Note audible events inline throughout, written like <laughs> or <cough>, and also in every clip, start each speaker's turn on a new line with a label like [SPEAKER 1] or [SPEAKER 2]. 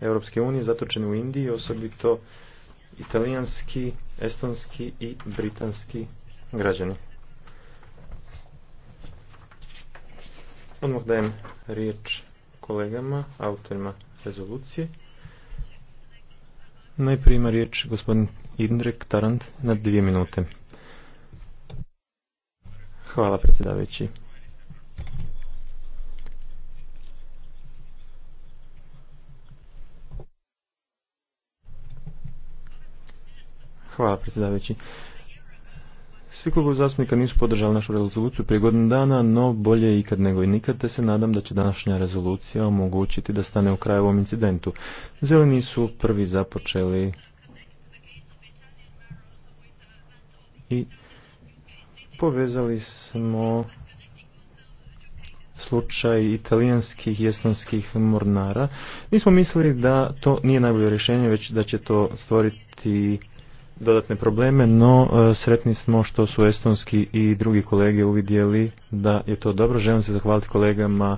[SPEAKER 1] Europske unije zatočeni u Indiji, osobito italijanski, estonski i britanski građani. Odmah dajem riječ kolegama, autorima rezolucije. Najprije ima riječ gospodin Indrek Tarant na dvije minute. Hvala predsjedavajući. Hvala predsjedavajući. Svi klubovi zastupnika nisu podržali našu rezoluciju prije godinu dana, no bolje ikad nego i nikad, te se nadam da će današnja rezolucija omogućiti da stane u kraju ovom incidentu. Zeleni su prvi započeli i povezali smo slučaj italijanskih i estonskih mornara. Mi smo mislili da to nije najbolje rješenje, već da će to stvoriti dodatne probleme, no e, sretni smo što su estonski i drugi kolege uvidjeli da je to dobro. Želim se zahvaliti kolegama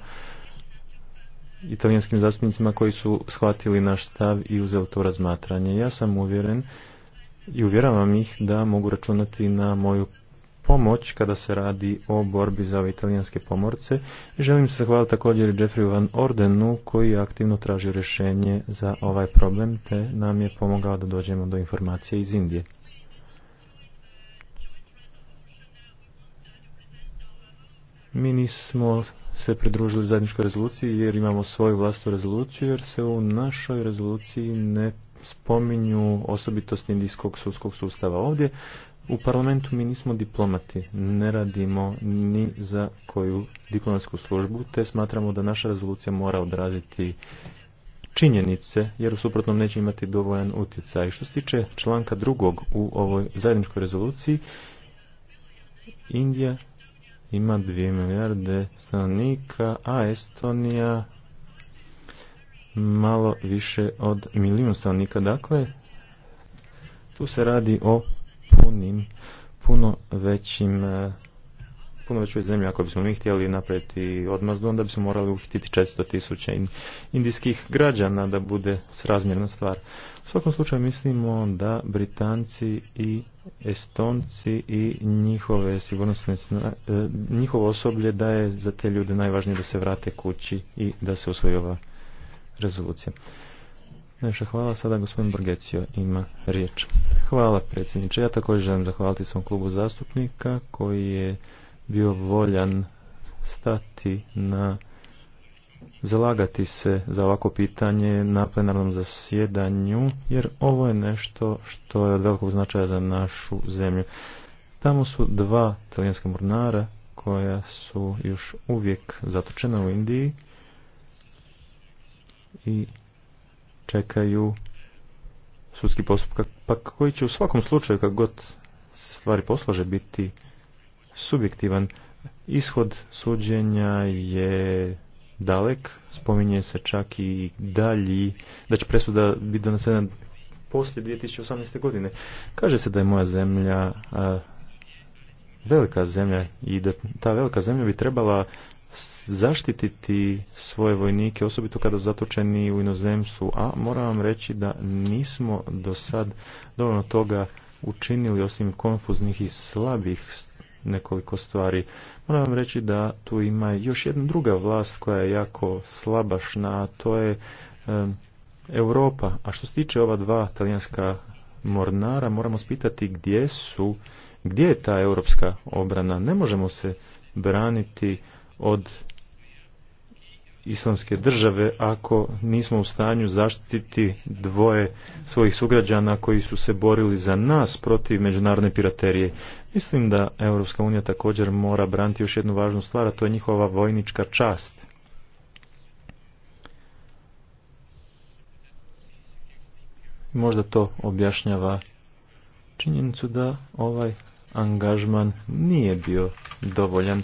[SPEAKER 1] italijanskim zastupnicima koji su shvatili naš stav i uzeli to razmatranje. Ja sam uvjeren i uvjeravam ih da mogu računati na moju pomoć kada se radi o borbi za ove italijanske pomorce želim se zahvaliti također Jeffrey Van Ordenu koji je aktivno tražio rješenje za ovaj problem te nam je pomogao da dođemo do informacije iz Indije. Mi nismo se pridružili zajedničkoj rezoluciji jer imamo svoju vlastnu rezoluciju jer se u našoj rezoluciji ne spominju osobitost indijskog sudskog sustava. Ovdje u parlamentu mi nismo diplomati, ne radimo ni za koju diplomatsku službu, te smatramo da naša rezolucija mora odraziti činjenice, jer u suprotnom neće imati dovoljan utjecaj. Što se tiče članka drugog u ovoj zajedničkoj rezoluciji, Indija ima 2 milijarde stanovnika, a Estonija malo više od milijun stanovnika. Dakle, tu se radi o punim, puno većim e, puno većoj zemlji ako bismo mi htjeli napraviti odmazdu, onda bismo morali uhititi 400 tisuća indijskih građana da bude srazmjerna stvar. U svakom slučaju mislimo da Britanci i Estonci i njihove sigurnosne e, njihovo osoblje da je za te ljude najvažnije da se vrate kući i da se usvoji ova rezolucija. Najviše hvala. Sada gospodin Brgecio ima riječ. Hvala predsjedniče. Ja također želim zahvaliti svom klubu zastupnika koji je bio voljan stati na zalagati se za ovako pitanje na plenarnom zasjedanju, jer ovo je nešto što je od velikog značaja za našu zemlju. Tamo su dva talijanska mornara koja su još uvijek zatočena u Indiji i čekaju sudski postupak, pa koji će u svakom slučaju, kad god se stvari poslože, biti subjektivan. Ishod suđenja je dalek, spominje se čak i dalji, da će presuda biti donesena poslije 2018. godine. Kaže se da je moja zemlja velika zemlja i da ta velika zemlja bi trebala zaštititi svoje vojnike, osobito kada su zatočeni u inozemstvu, a moram vam reći da nismo do sad dovoljno toga učinili osim konfuznih i slabih nekoliko stvari. Moram vam reći da tu ima još jedna druga vlast koja je jako slabašna, a to je Europa. A što se tiče ova dva talijanska mornara, moramo spitati gdje su, gdje je ta europska obrana. Ne možemo se braniti od islamske države ako nismo u stanju zaštititi dvoje svojih sugrađana koji su se borili za nas protiv međunarodne piraterije. Mislim da Europska unija također mora braniti još jednu važnu stvar, a to je njihova vojnička čast. Možda to objašnjava činjenicu da ovaj angažman nije bio dovoljan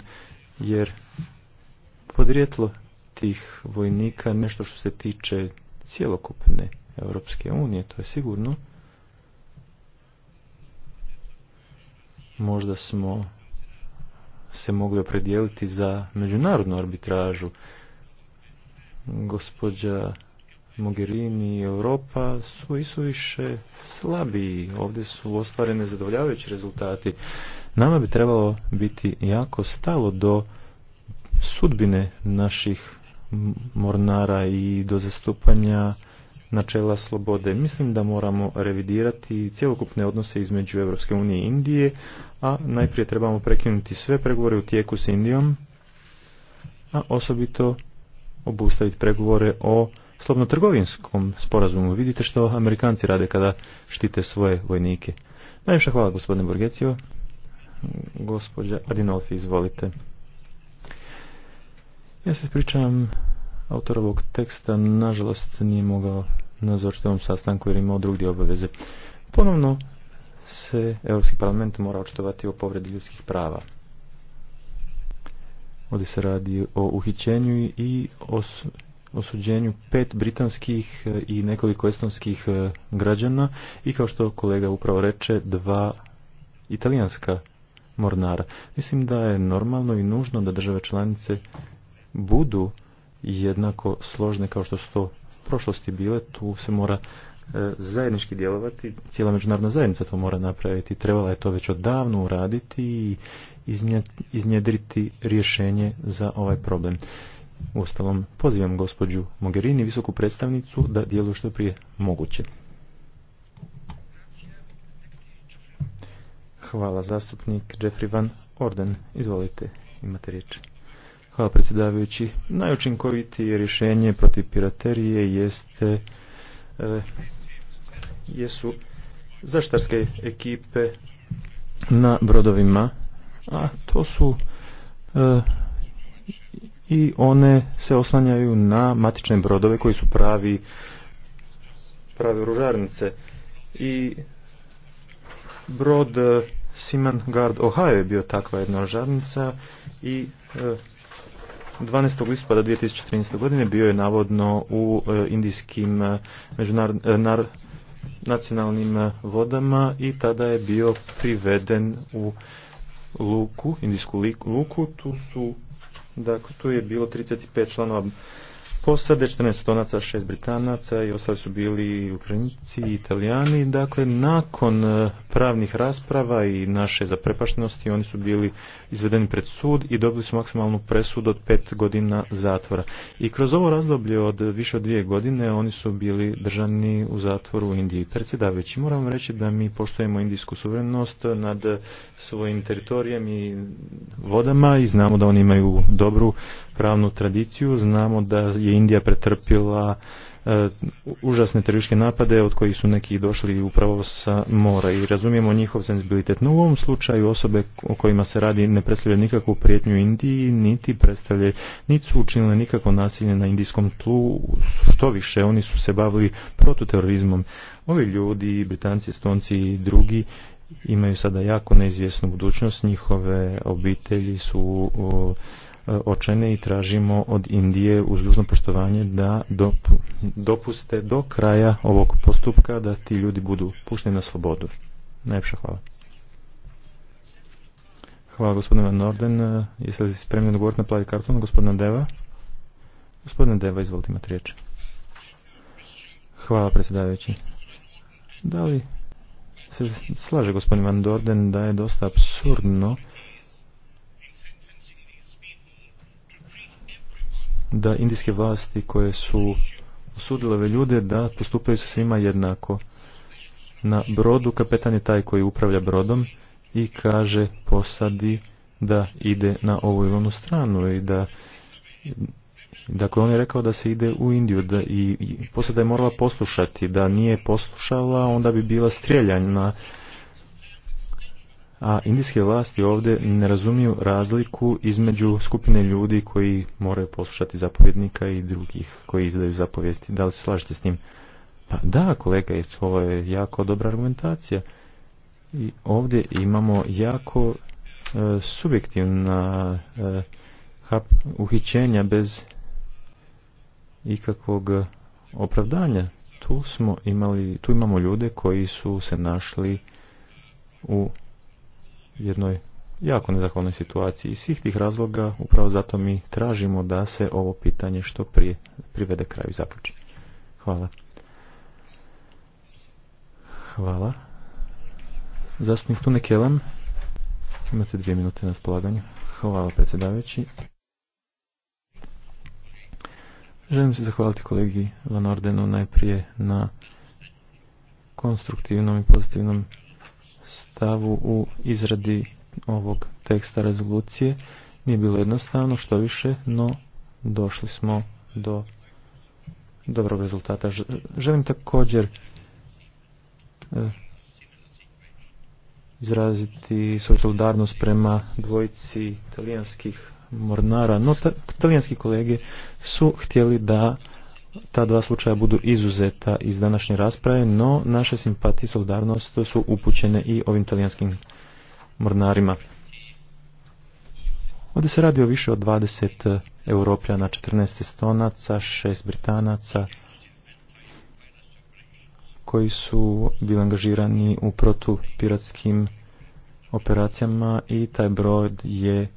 [SPEAKER 1] jer podrijetlo tih vojnika nešto što se tiče cjelokupne Europske unije, to je sigurno. Možda smo se mogli opredijeliti za međunarodnu arbitražu. Gospođa Mogherini i Europa su i više slabiji. Ovdje su ostvarene zadovoljavajući rezultati. Nama bi trebalo biti jako stalo do sudbine naših mornara i do zastupanja načela slobode. Mislim da moramo revidirati cjelokupne odnose između Europske unije i Indije, a najprije trebamo prekinuti sve pregovore u tijeku s Indijom, a osobito obustaviti pregovore o slobno-trgovinskom sporazumu. Vidite što Amerikanci rade kada štite svoje vojnike. Najviše hvala gospodine Borgecio. Gospođa Adinolfi, izvolite. Ja se ispričavam autor ovog teksta, nažalost nije mogao nazočiti ovom sastanku jer imao drugdje obaveze. Ponovno se Europski parlament mora očitovati o povredi ljudskih prava. Ovdje se radi o uhićenju i osuđenju pet britanskih e, i nekoliko estonskih e, građana i kao što kolega upravo reče dva italijanska mornara. Mislim da je normalno i nužno da države članice budu jednako složne kao što su to u prošlosti bile. Tu se mora e, zajednički djelovati, cijela međunarodna zajednica to mora napraviti, trebala je to već odavno uraditi i iznjedriti rješenje za ovaj problem. Uostalom, pozivam gospođu Mogherini, visoku predstavnicu, da djeluje što prije moguće. Hvala zastupnik Jeffrey Van Orden. Izvolite, imate riječ. Hvala predsjedavajući. Najučinkovitije rješenje protiv piraterije jeste eh, jesu zaštarske ekipe na brodovima, a to su eh, i one se oslanjaju na matične brodove koji su pravi prave oružarnice i brod eh, Simon Gard Ohio je bio takva jedna žarnica i 12. E, listopada 2013. godine bio je navodno u e, indijskim e, nacionalnim vodama i tada je bio priveden u luku, indijsku luku. Tu su, dakle, tu je bilo 35 članova Posade 14 tonaca, 6 Britanaca i ostali su bili Ukrajinci i Italijani. Dakle, nakon e, pravnih rasprava i naše zaprepaštenosti oni su bili izvedeni pred sud i dobili su maksimalnu presud od pet godina zatvora. I kroz ovo razdoblje od više od dvije godine oni su bili držani u zatvoru u Indiji. Predsjedavajući, moram reći da mi poštujemo indijsku suverenost nad e, svojim teritorijem i vodama i znamo da oni imaju dobru pravnu tradiciju. Znamo da je Indija pretrpila e, užasne terorističke napade od kojih su neki došli upravo sa mora i razumijemo njihov senzibilitet. No u ovom slučaju osobe o kojima se radi ne predstavljaju nikakvu prijetnju Indiji, niti predstavljaju, niti su učinile nikakvo nasilje na indijskom tlu, što više oni su se bavili protuterorizmom. Ovi ljudi, Britanci, Estonci i drugi imaju sada jako neizvjesnu budućnost, njihove obitelji su E, očene i tražimo od Indije uz dužno poštovanje da dopuste do kraja ovog postupka da ti ljudi budu pušteni na slobodu. Najljepša hvala. Hvala gospodine Norden. E, jeste li spremni odgovoriti na plavi karton gospodina Deva? Gospodine Deva, izvolite imati riječ. Hvala predsjedavajući. Da li se slaže gospodin Van Dorden da je dosta absurdno da indijske vlasti koje su osudile ljude da postupaju sa svima jednako. Na brodu kapetan je taj koji upravlja brodom i kaže posadi da ide na ovu ili onu stranu i da Dakle, on je rekao da se ide u Indiju da i, posada je morala poslušati, da nije poslušala, onda bi bila na a indijske vlasti ovdje ne razumiju razliku između skupine ljudi koji moraju poslušati zapovjednika i drugih koji izdaju zapovijesti. Da li se slažete s njim? Pa da, kolega, i to je jako dobra argumentacija. I ovdje imamo jako e, subjektivna e, uhićenja bez ikakvog opravdanja. Tu smo imali, tu imamo ljude koji su se našli u jednoj jako nezahvalnoj situaciji. Iz svih tih razloga upravo zato mi tražimo da se ovo pitanje što prije privede kraju zaključi. Hvala. Hvala. Zastupnik Tune Kelan, imate dvije minute na spolaganju. Hvala predsjedavajući. Želim se zahvaliti kolegi Van Ordenu najprije na konstruktivnom i pozitivnom stavu u izradi ovog teksta rezolucije. Nije bilo jednostavno, što više, no došli smo do dobrog rezultata. Želim također e, izraziti svoju solidarnost prema dvojici talijanskih mornara, no talijanski kolege su htjeli da ta dva slučaja budu izuzeta iz današnje rasprave, no naše simpatije i solidarnost su upućene i ovim talijanskim mornarima. Ovdje se radi o više od 20 europljana, 14 estonaca, 6 britanaca, koji su bili angažirani u protupiratskim operacijama i taj brod je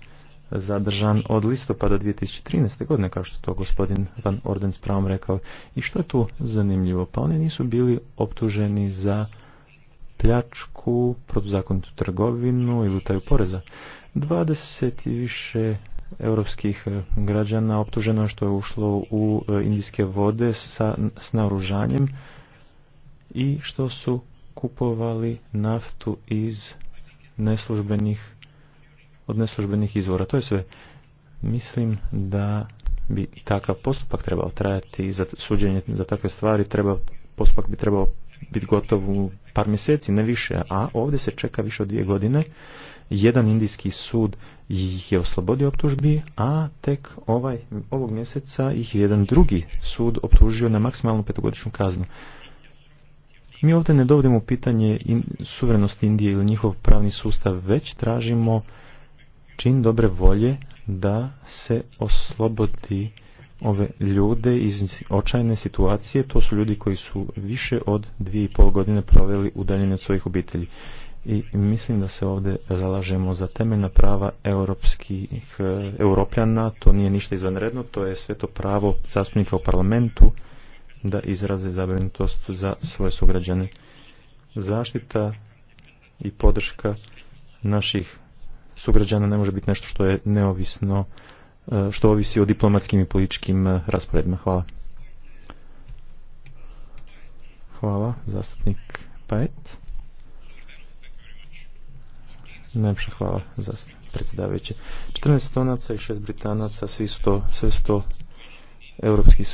[SPEAKER 1] zadržan od listopada 2013. godine, kao što to gospodin Van Orden s pravom rekao. I što je tu zanimljivo? Pa oni nisu bili optuženi za pljačku, protuzakonitu trgovinu ili utaju poreza. 20 i više europskih e, građana optuženo što je ušlo u e, indijske vode sa, s naoružanjem i što su kupovali naftu iz neslužbenih od neslužbenih izvora. To je sve. Mislim da bi takav postupak trebao trajati za suđenje za takve stvari. Treba, postupak bi trebao biti gotov u par mjeseci, ne više. A ovdje se čeka više od dvije godine. Jedan indijski sud ih je oslobodio optužbi, a tek ovaj, ovog mjeseca ih je jedan drugi sud optužio na maksimalnu petogodišnju kaznu. Mi ovdje ne dovodimo u pitanje in, suverenost Indije ili njihov pravni sustav, već tražimo čin dobre volje da se oslobodi ove ljude iz očajne situacije. To su ljudi koji su više od dvije i pol godine proveli udaljenje od svojih obitelji. I mislim da se ovdje zalažemo za temeljna prava europskih e, europljana. To nije ništa izvanredno, to je sve to pravo zastupnika u parlamentu da izraze zabrinutost za svoje sugrađane. Zaštita i podrška naših sugrađana ne može biti nešto što je neovisno, e, što ovisi o diplomatskim i političkim e, rasporedima. Hvala. Hvala, zastupnik Pajet. Najpša hvala, zastupnik predsjedavajući. 14 tonaca i 6 britanaca, svi su to, sve su to europski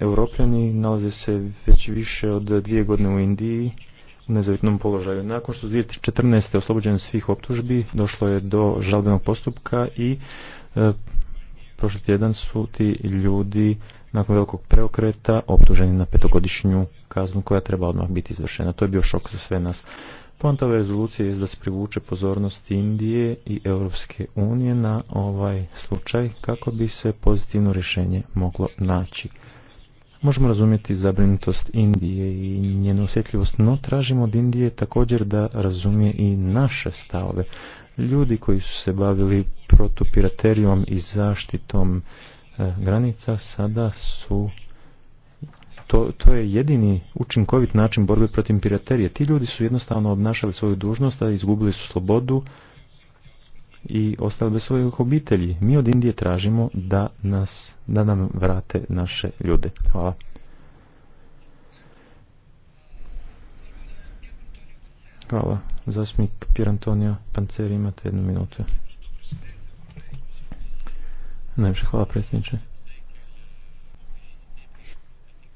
[SPEAKER 1] europljani, nalaze se već više od dvije godine u Indiji nezavitnom položaju. Nakon što su 2014. oslobođeno svih optužbi, došlo je do žalbenog postupka i e, prošli tjedan su ti ljudi nakon velikog preokreta optuženi na petogodišnju kaznu koja treba odmah biti izvršena. To je bio šok za sve nas. Poanta ove rezolucije je da se privuče pozornost Indije i Europske unije na ovaj slučaj kako bi se pozitivno rješenje moglo naći. Možemo razumjeti zabrinutost Indije i njenu osjetljivost, no tražimo od Indije također da razumije i naše stavove. Ljudi koji su se bavili protupiraterijom i zaštitom e, granica sada su to, to je jedini učinkovit način borbe protiv piraterije. Ti ljudi su jednostavno obnašali svoju dužnost, a izgubili su slobodu i ostale bez svojih obitelji. Mi od Indije tražimo da, nas, da nam vrate naše ljude. Hvala. Hvala. Zasmik Pier Antonio Panceri, imate jednu minutu. Najviše hvala predsjedniče.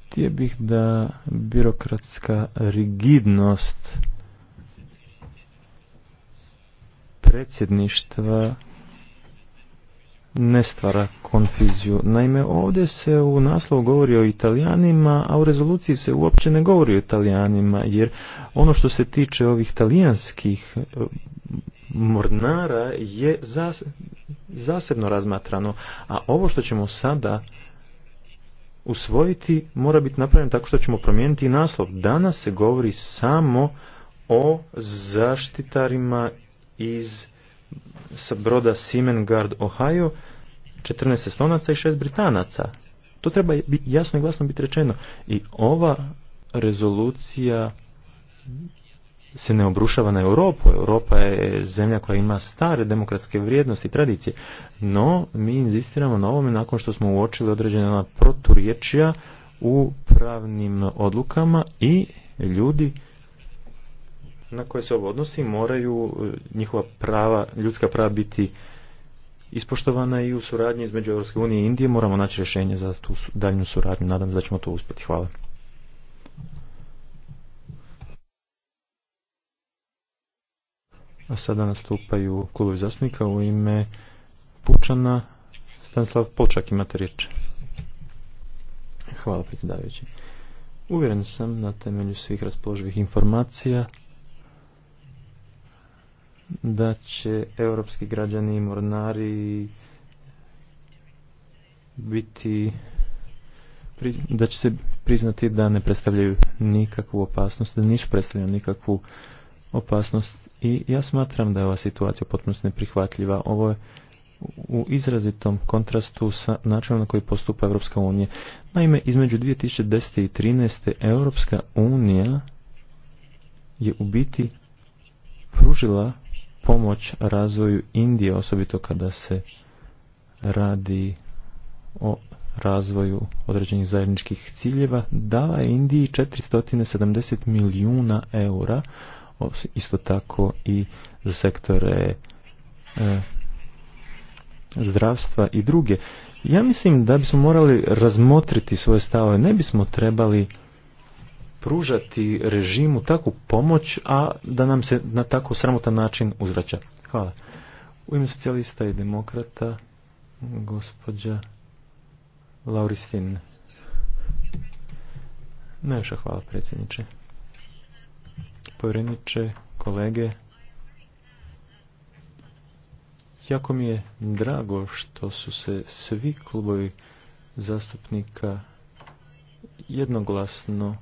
[SPEAKER 1] Htio bih da birokratska rigidnost predsjedništva ne stvara konfiziju. Naime, ovdje se u naslovu govori o italijanima, a u rezoluciji se uopće ne govori o italijanima, jer ono što se tiče ovih talijanskih e, mornara je zasebno razmatrano, a ovo što ćemo sada usvojiti mora biti napravljeno tako što ćemo promijeniti naslov. Danas se govori samo o zaštitarima iz sa broda Simengard, Ohio, 14 estonaca i 6 britanaca. To treba jasno i glasno biti rečeno. I ova rezolucija se ne obrušava na Europu. Europa je zemlja koja ima stare demokratske vrijednosti i tradicije. No, mi inzistiramo na ovome nakon što smo uočili određena proturječja u pravnim odlukama i ljudi na koje se ovo odnosi moraju e, njihova prava, ljudska prava biti ispoštovana i u suradnji između Europske unije i Indije moramo naći rješenje za tu daljnju suradnju. Nadam se da ćemo to uspjeti. Hvala. A sada nastupaju klubovi zastupnika u ime Pučana. Stanislav Polčak imate riječ. Hvala predsjedavajući. Uvjeren sam na temelju svih raspoloživih informacija da će europski građani i mornari biti da će se priznati da ne predstavljaju nikakvu opasnost, da nisu predstavljaju nikakvu opasnost i ja smatram da je ova situacija potpuno neprihvatljiva. Ovo je u izrazitom kontrastu sa načinom na koji postupa Europska unija. Naime, između 2010. i 2013. Europska unija je u biti pružila pomoć razvoju Indije, osobito kada se radi o razvoju određenih zajedničkih ciljeva, dala je Indiji 470 milijuna eura, isto tako i za sektore e, zdravstva i druge. Ja mislim da bismo morali razmotriti svoje stave, ne bismo trebali pružati režimu takvu pomoć, a da nam se na tako sramotan način uzvraća. Hvala. U ime socijalista i demokrata, gospođa Lauristin. Najviše hvala predsjedniče. Povjereniče, kolege, jako mi je drago što su se svi klubovi zastupnika jednoglasno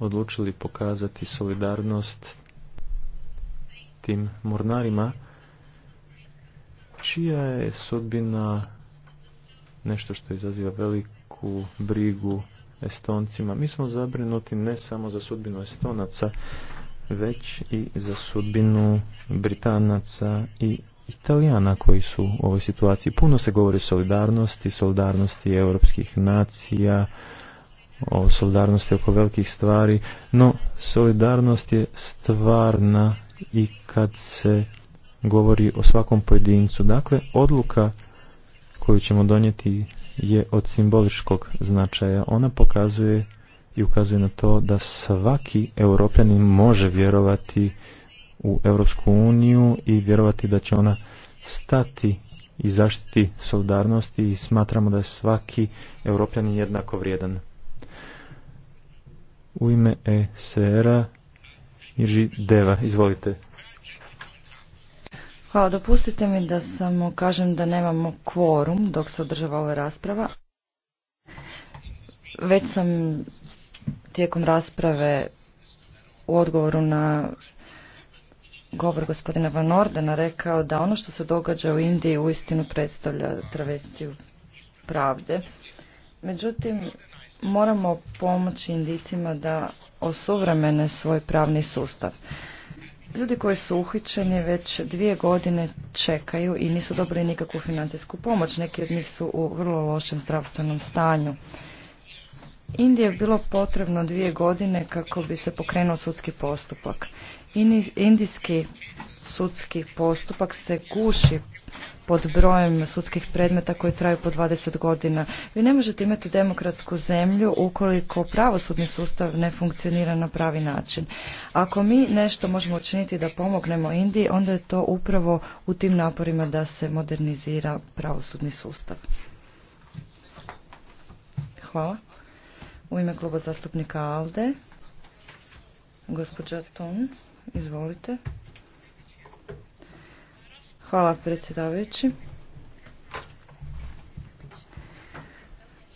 [SPEAKER 1] odlučili pokazati solidarnost tim mornarima čija je sudbina nešto što izaziva veliku brigu Estoncima. Mi smo zabrinuti ne samo za sudbinu Estonaca, već i za sudbinu Britanaca i Italijana koji su u ovoj situaciji. Puno se govori o solidarnosti, solidarnosti europskih nacija, o solidarnosti oko velikih stvari, no solidarnost je stvarna i kad se govori o svakom pojedincu. Dakle, odluka koju ćemo donijeti je od simboličkog značaja. Ona pokazuje i ukazuje na to da svaki europljanin može vjerovati u Europsku uniju i vjerovati da će ona stati i zaštiti solidarnosti i smatramo da je svaki europljanin jednako vrijedan. U ime e sera a Deva, izvolite.
[SPEAKER 2] Hvala, dopustite mi da samo kažem da nemamo kvorum dok se održava ova rasprava. Već sam tijekom rasprave u odgovoru na govor gospodina Van Ordena rekao da ono što se događa u Indiji uistinu predstavlja travestiju pravde. Međutim, moramo pomoći indicima da osuvremene svoj pravni sustav. Ljudi koji su uhićeni već dvije godine čekaju i nisu dobili nikakvu financijsku pomoć. Neki od njih su u vrlo lošem zdravstvenom stanju. Indije je bilo potrebno dvije godine kako bi se pokrenuo sudski postupak. Indijski sudski postupak se guši pod brojem sudskih predmeta koji traju po 20 godina. Vi ne možete imati demokratsku zemlju ukoliko pravosudni sustav ne funkcionira na pravi način. Ako mi nešto možemo učiniti da pomognemo Indiji, onda je to upravo u tim naporima da se modernizira pravosudni sustav. Hvala. U ime kluba zastupnika ALDE, gospođa Ton, izvolite. Hvala predsjedavajući.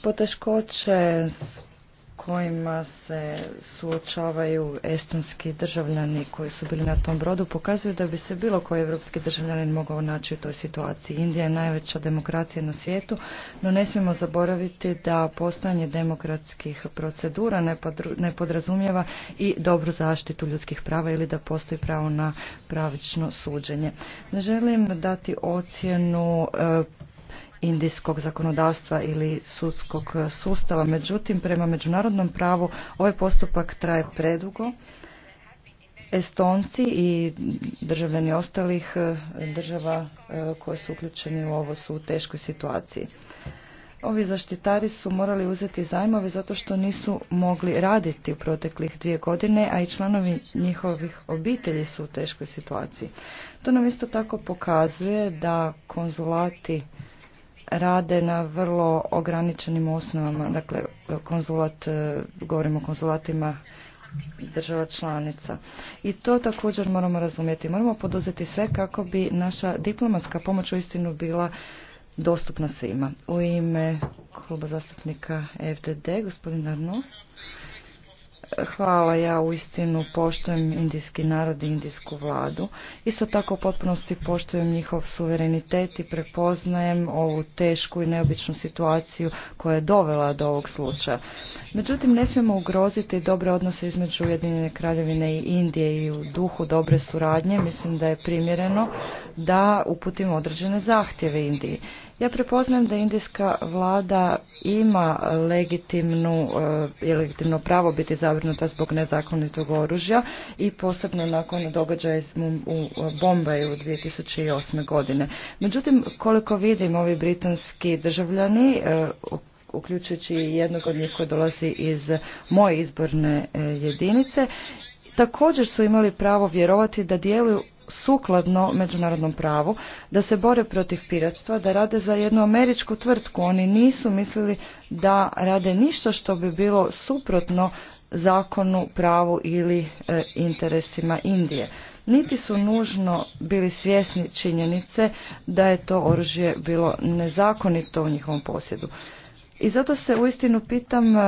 [SPEAKER 2] Poteškoće s kojima se suočavaju estonski državljani koji su bili na tom brodu pokazuju da bi se bilo koji evropski državljanin mogao naći u toj situaciji. Indija je najveća demokracija na svijetu, no ne smijemo zaboraviti da postojanje demokratskih procedura ne podrazumijeva i dobru zaštitu ljudskih prava ili da postoji pravo na pravično suđenje. Ne želim dati ocjenu e, indijskog zakonodavstva ili sudskog sustava. Međutim, prema međunarodnom pravu ovaj postupak traje predugo. Estonci i državljani ostalih e, država e, koje su uključeni u ovo su u teškoj situaciji. Ovi zaštitari su morali uzeti zajmove zato što nisu mogli raditi u proteklih dvije godine, a i članovi njihovih obitelji su u teškoj situaciji. To nam isto tako pokazuje da konzulati rade na vrlo ograničenim osnovama, dakle konzulat, e, govorimo o konzulatima država članica. I to također moramo razumjeti. Moramo poduzeti sve kako bi naša diplomatska pomoć uistinu bila dostupna svima. U ime kluba zastupnika FDD, gospodin Arno. Hvala, ja u istinu, poštujem indijski narod i indijsku vladu. Isto tako u potpunosti poštujem njihov suverenitet i prepoznajem ovu tešku i neobičnu situaciju koja je dovela do ovog slučaja. Međutim, ne smijemo ugroziti dobre odnose između Ujedinjene kraljevine i Indije i u duhu dobre suradnje mislim da je primjereno da uputimo određene zahtjeve Indiji. Ja prepoznajem da indijska vlada ima legitimnu e, i legitimno pravo biti zabrinuta zbog nezakonitog oružja i posebno nakon događaja u Bombaju 2008. godine. Međutim, koliko vidim ovi britanski državljani e, uključujući jednog od njih koji dolazi iz moje izborne e, jedinice, također su imali pravo vjerovati da djeluju sukladno međunarodnom pravu, da se bore protiv piratstva, da rade za jednu američku tvrtku. Oni nisu mislili da rade ništa što bi bilo suprotno zakonu, pravu ili e, interesima Indije. Niti su nužno bili svjesni činjenice da je to oružje bilo nezakonito u njihovom posjedu. I zato se uistinu pitam e,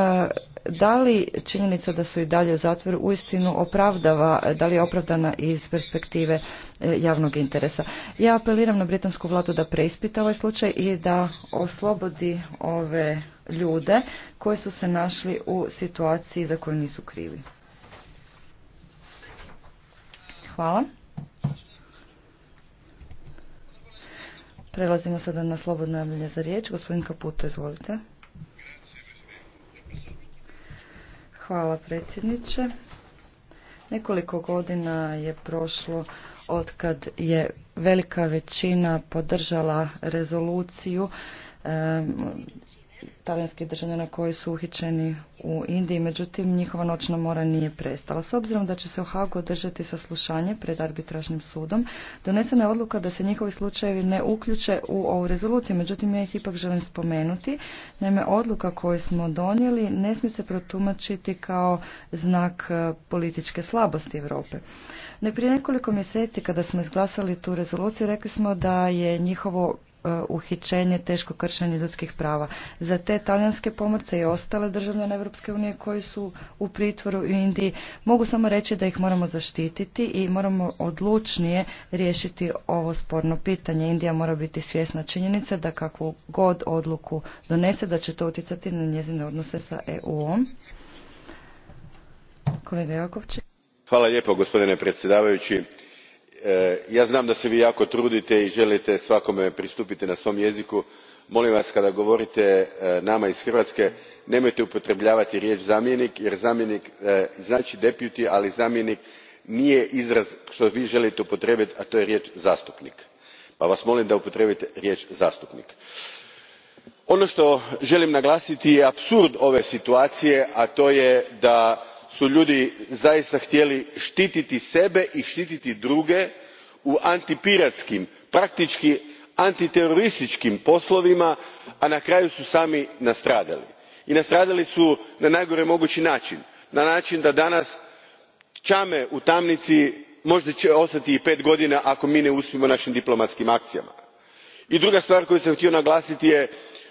[SPEAKER 2] da li činjenica da su i dalje u zatvoru uistinu opravdava, da li je opravdana iz perspektive e, javnog interesa. Ja apeliram na britansku vladu da preispita ovaj slučaj i da oslobodi ove ljude koji su se našli u situaciji za koju nisu krivi. Hvala. Prelazimo sada na slobodno javljanje za riječ. Gospodin Kaputo, izvolite. Hvala predsjedniče. Nekoliko godina je prošlo otkad je velika većina podržala rezoluciju talijanskih državljana koji su uhićeni u Indiji, međutim njihova noćna mora nije prestala. S obzirom da će se u Hagu održati saslušanje pred arbitražnim sudom, donesena je odluka da se njihovi slučajevi ne uključe u ovu rezoluciju, međutim ja ih ipak želim spomenuti. Naime, odluka koju smo donijeli ne smije se protumačiti kao znak e, političke slabosti Europe. Ne prije nekoliko mjeseci kada smo izglasali tu rezoluciju rekli smo da je njihovo Uh, uhićenje, teško kršenje ljudskih prava. Za te talijanske pomorce i ostale državljane Europske unije koji su u pritvoru u Indiji mogu samo reći da ih moramo zaštititi i moramo odlučnije riješiti ovo sporno pitanje. Indija mora biti svjesna činjenica da kakvu god odluku donese da će to utjecati na njezine odnose sa EU-om. Kolega Jakovčić.
[SPEAKER 3] Hvala lijepo gospodine predsjedavajući E, ja znam da se vi jako trudite i želite svakome pristupiti na svom jeziku molim vas kada govorite e, nama iz hrvatske nemojte upotrebljavati riječ zamjenik jer zamjenik e, znači deputy ali zamjenik nije izraz što vi želite upotrijebiti a to je riječ zastupnik pa vas molim da upotrijebite riječ zastupnik. ono što želim naglasiti je apsurd ove situacije a to je da su ljudi zaista htjeli štititi sebe i štititi druge u antipiratskim praktički antiterorističkim poslovima a na kraju su sami nastradali. i nastradali su na najgori mogući način na način da danas čame u tamnici možda će ostati i pet godina ako mi ne uspijemo našim diplomatskim akcijama. i druga stvar koju sam htio naglasiti je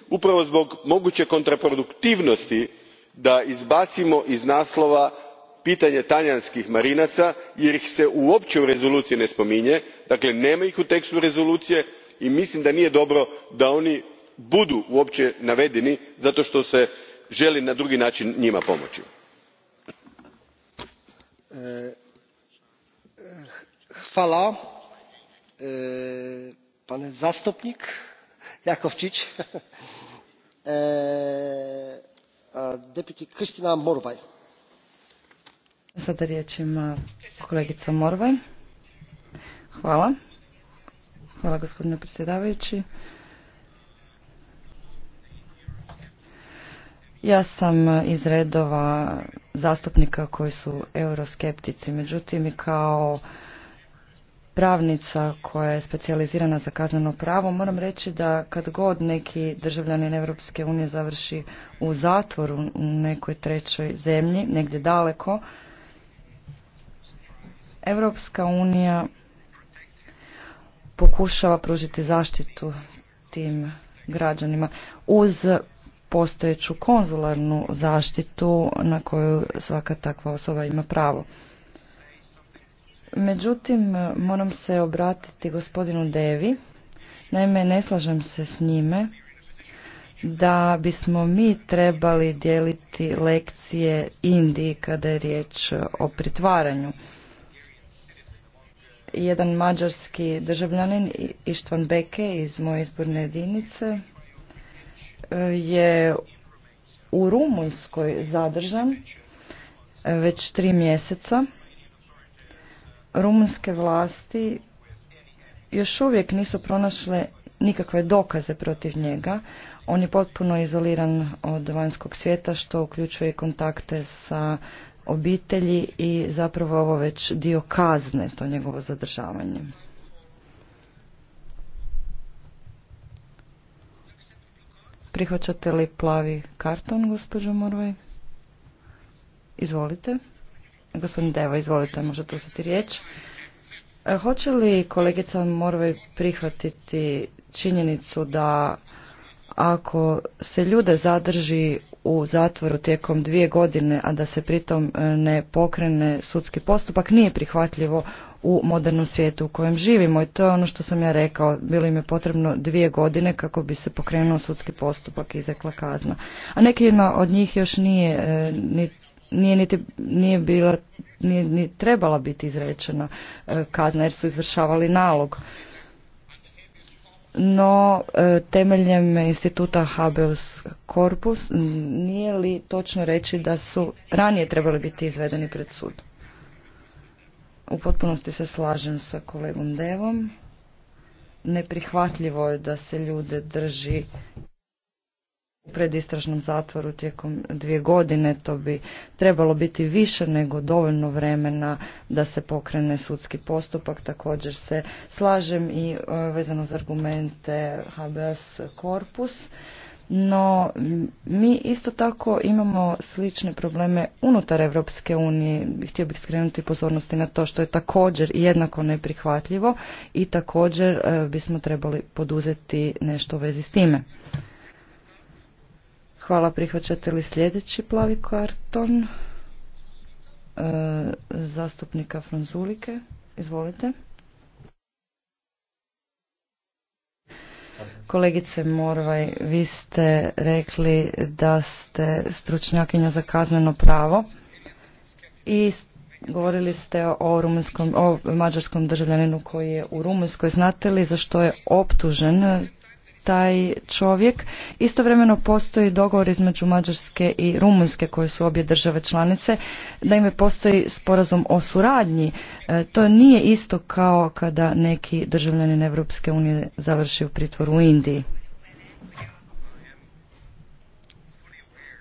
[SPEAKER 3] upravo zbog moguće kontraproduktivnosti da izbacimo iz naslova pitanje talijanskih marinaca jer ih se uopće u rezoluciji ne spominje dakle nema ih u tekstu rezolucije i mislim da nije dobro da oni budu uopće navedeni zato što se želi na drugi način njima pomoći. E, <laughs>
[SPEAKER 2] e, Uh, Kristina Morvaj. Sada kolegica Morvaj. Hvala. Hvala gospodine predsjedavajući. Ja sam iz redova zastupnika koji su euroskeptici, međutim kao pravnica koja je specijalizirana za kazneno pravo, moram reći da kad god neki državljanin Europske unije završi u zatvoru u nekoj trećoj zemlji, negdje daleko, Europska unija pokušava pružiti zaštitu tim građanima uz postojeću konzularnu zaštitu na koju svaka takva osoba ima pravo. Međutim, moram se obratiti gospodinu Devi. Naime, ne slažem se s njime da bismo mi trebali dijeliti lekcije Indiji kada je riječ o pritvaranju. Jedan mađarski državljanin Ištvan Beke iz moje izborne jedinice je u Rumunjskoj zadržan već tri mjeseca rumunske vlasti još uvijek nisu pronašle nikakve dokaze protiv njega. On je potpuno izoliran od vanjskog svijeta što uključuje kontakte sa obitelji i zapravo ovo već dio kazne, to njegovo zadržavanje. Prihvaćate li plavi karton, gospođo Morvaj? Izvolite. Gospodin Deva, izvolite, možete uzeti riječ. E, hoće li kolegica Morve prihvatiti činjenicu da ako se ljude zadrži u zatvoru tijekom dvije godine, a da se pritom e, ne pokrene sudski postupak, nije prihvatljivo u modernom svijetu u kojem živimo. I to je ono što sam ja rekao, bilo im je potrebno dvije godine kako bi se pokrenuo sudski postupak i izrekla kazna. A nekima od njih još nije e, ni nije niti nije bila nije, ni trebala biti izrečena e, kazna jer su izvršavali nalog no e, temeljem instituta habeus corpus nije li točno reći da su ranije trebali biti izvedeni pred sud u potpunosti se slažem sa kolegom devom neprihvatljivo je da se ljude drži pred istražnom zatvoru tijekom dvije godine, to bi trebalo biti više nego dovoljno vremena da se pokrene sudski postupak. Također se slažem i e, vezano za argumente HBS korpus. No, mi isto tako imamo slične probleme unutar Europske unije. Htio bih skrenuti pozornosti na to što je također jednako neprihvatljivo i također e, bismo trebali poduzeti nešto u vezi s time. Hvala, prihvaćate li sljedeći plavi karton? E, zastupnika Franzulike, izvolite. Kolegice Morvaj, vi ste rekli da ste stručnjakinja za kazneno pravo i govorili ste o, o mađarskom državljaninu koji je u Rumunjskoj. Znate li za što je optužen? taj čovjek. Istovremeno postoji dogovor između Mađarske i Rumunjske koje su obje države članice. Naime, postoji sporazum o suradnji. E, to nije isto kao kada neki državljanin Evropske unije završi u pritvoru u Indiji.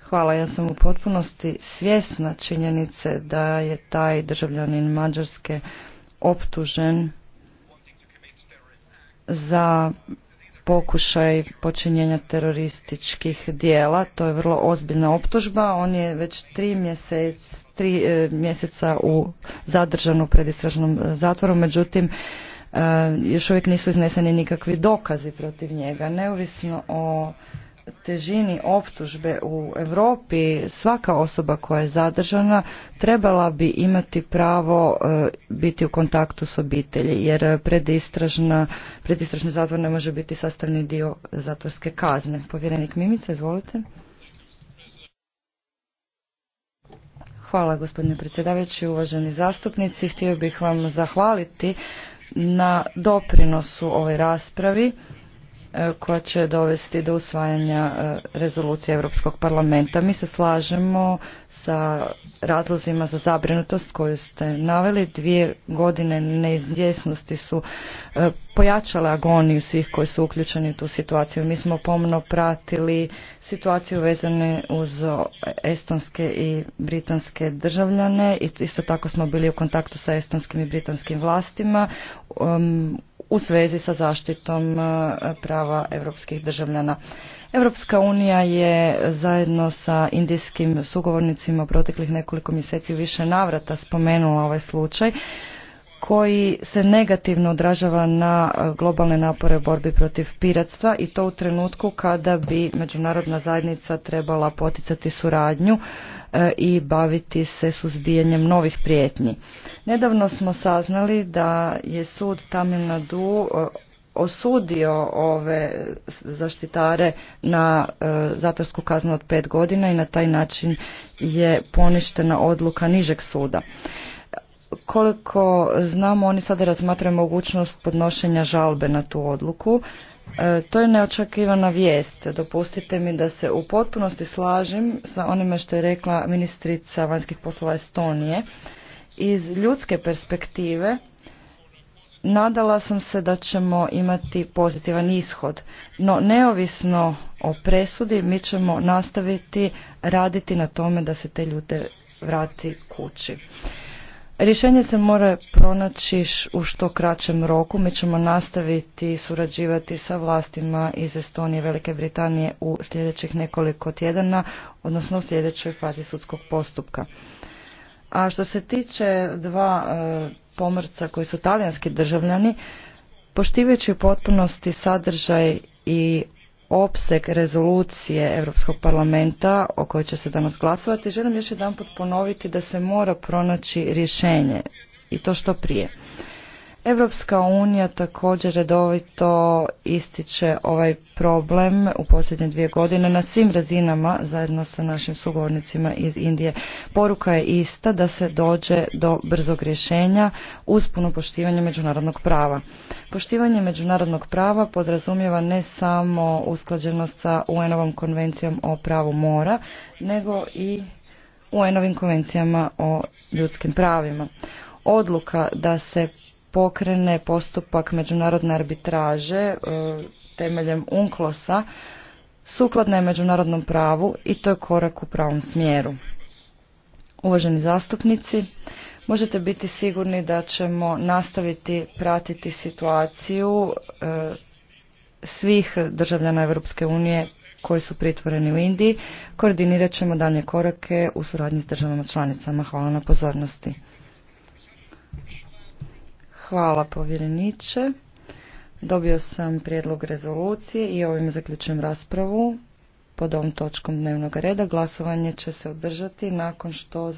[SPEAKER 2] Hvala, ja sam u potpunosti svjesna činjenice da je taj državljanin Mađarske optužen za pokušaj počinjenja terorističkih dijela. To je vrlo ozbiljna optužba. On je već tri, mjeseca tri e, mjeseca u zadržanu predistražnom e, zatvoru, međutim e, još uvijek nisu izneseni nikakvi dokazi protiv njega. Neovisno o težini optužbe u Europi svaka osoba koja je zadržana trebala bi imati pravo e, biti u kontaktu s obitelji jer predistražna, predistražni zatvor ne može biti sastavni dio zatvorske kazne. Povjerenik Mimica, izvolite. Hvala gospodine predsjedavajući, uvaženi zastupnici. Htio bih vam zahvaliti na doprinosu ovoj raspravi. E, koja će dovesti do usvajanja e, rezolucije Europskog parlamenta. Mi se slažemo sa razlozima za zabrinutost koju ste naveli. Dvije godine neizvjesnosti su e, pojačale agoniju svih koji su uključeni u tu situaciju. Mi smo pomno pratili situaciju vezane uz estonske i britanske državljane. Isto tako smo bili u kontaktu sa estonskim i britanskim vlastima. Um, u svezi sa zaštitom e, prava europskih državljana. Europska unija je zajedno sa indijskim sugovornicima proteklih nekoliko mjeseci više navrata spomenula ovaj slučaj koji se negativno odražava na e, globalne napore u borbi protiv piratstva i to u trenutku kada bi međunarodna zajednica trebala poticati suradnju e, i baviti se suzbijanjem novih prijetnji. Nedavno smo saznali da je sud Tamil Nadu e, osudio ove zaštitare na zatvorsku kaznu od pet godina i na taj način je poništena odluka nižeg suda. Koliko znamo, oni sada razmatraju mogućnost podnošenja žalbe na tu odluku. E, to je neočekivana vijest. Dopustite mi da se u potpunosti slažem sa onime što je rekla ministrica vanjskih poslova Estonije. Iz ljudske perspektive nadala sam se da ćemo imati pozitivan ishod, no neovisno o presudi mi ćemo nastaviti raditi na tome da se te ljude vrati kući. Rješenje se mora pronaći u što kraćem roku. Mi ćemo nastaviti surađivati sa vlastima iz Estonije i Velike Britanije u sljedećih nekoliko tjedana, odnosno u sljedećoj fazi sudskog postupka. A što se tiče dva e, pomrca koji su talijanski državljani, poštivajući u potpunosti sadržaj i opseg rezolucije Europskog parlamenta o kojoj će se danas glasovati, želim još jedanput ponoviti da se mora pronaći rješenje i to što prije. Europska unija također redovito ističe ovaj problem u posljednje dvije godine na svim razinama zajedno sa našim sugovornicima iz Indije. Poruka je ista da se dođe do brzog rješenja uz puno poštivanje međunarodnog prava. Poštivanje međunarodnog prava podrazumijeva ne samo usklađenost sa UN-ovom konvencijom o pravu mora, nego i UN-ovim konvencijama o ljudskim pravima. Odluka da se pokrene postupak međunarodne arbitraže e, temeljem UNCLOS-a sukladno je međunarodnom pravu i to je korak u pravom smjeru. Uvaženi zastupnici, možete biti sigurni da ćemo nastaviti pratiti situaciju e, svih državljana Europske unije koji su pritvoreni u Indiji. Koordinirat ćemo dalje korake u suradnji s državama članicama. Hvala na pozornosti. Hvala povjereniče. Dobio sam prijedlog rezolucije i ovim zaključujem raspravu pod ovom točkom dnevnog reda. Glasovanje će se održati nakon što